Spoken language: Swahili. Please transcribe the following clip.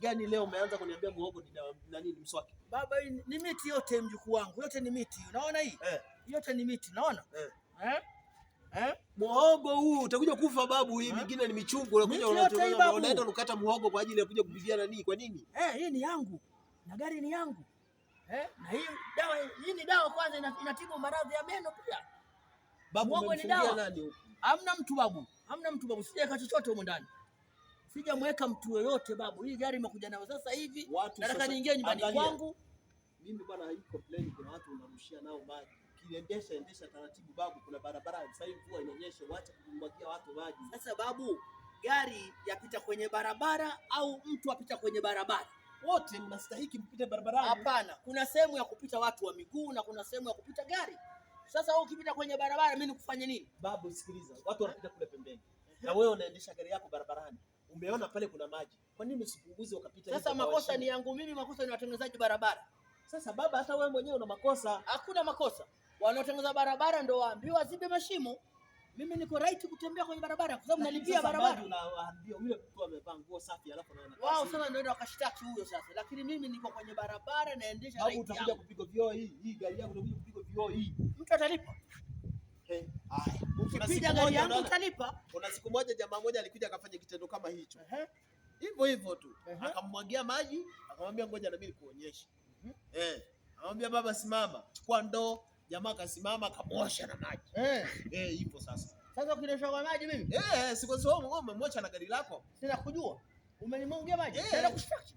gani leo umeanza kuniambia muhogo na nini mswaki? Baba, ni miti yote mjukuu wangu, yote ni miti. Unaona hii? Eh. Yote ni miti, unaona? Eh. Eh? Eh? Muhogo huu utakuja kufa babu, hii eh? mingine ni michungu, unakuja unaenda unakata muhogo kwa ajili ya kuja kupigia nani? Kwa nini? Eh, hii ni yangu. Na gari ni yangu. Eh? Na hii dawa hii ni dawa kwanza inatibu maradhi ya meno pia. Babu, muhogo ni dawa. Hamna mtu babu. Hamna mtu babu. Sijaweka chochote huko ndani sijamweka mtu yoyote babu. Hii gari imekuja nayo sasa hivi, nataka niingie nyumbani kwangu mimi bwana. Hii complain, kuna watu unarushia nao maji. Ukiendesha endesha taratibu babu, kuna barabara sasa hivi mvua inaonyesha, wacha kumwagia watu maji. Sasa babu, gari yapita kwenye barabara au mtu apita kwenye barabara wote mnastahiki mpite barabarani. Hapana, kuna sehemu ya kupita watu wa miguu na kuna sehemu ya kupita gari. Sasa wewe ukipita kwenye barabara, mimi nikufanye nini babu? Sikiliza, watu wanapita kule pembeni na wewe unaendesha gari yako barabarani. Umeona pale kuna maji, kwa nini usipunguze ukapita? Sasa makosa ni yangu mimi, makosa ni watengenezaji barabara. Sasa baba, hata wewe mwenyewe una makosa. Hakuna makosa, wanaotengeneza barabara ndio waambiwa wazibe mashimo. Mimi niko right kutembea kwenye barabara kwa sababu nalipia barabara. Unawaambia yule mtu amevaa nguo safi alafu anaona. Wao sasa ndio wakashitaki huyo sasa. Lakini mimi niko kwenye barabara naendesha right. Utakuja kupigwa vioo hii, hii gari yako utakuja kupigwa vioo hii. Mtu atalipa. Hey ukipiga gari yangu utalipa. Kuna siku moja jamaa moja alikuja akafanya kitendo kama hicho hivyo hivyo tu, akamwagia maji, akamwambia ngoja na mimi nikuonyeshe. Mhm. Eh, akamwambia baba, simama, chukua ndoo. Jamaa akasimama akamwosha na maji eh, eh, ipo sasa. Sasa ukiosha kwa maji mimi eh, siku zote wewe na gari lako, sina kujua umenimwagia maji, eh. sina kushtaki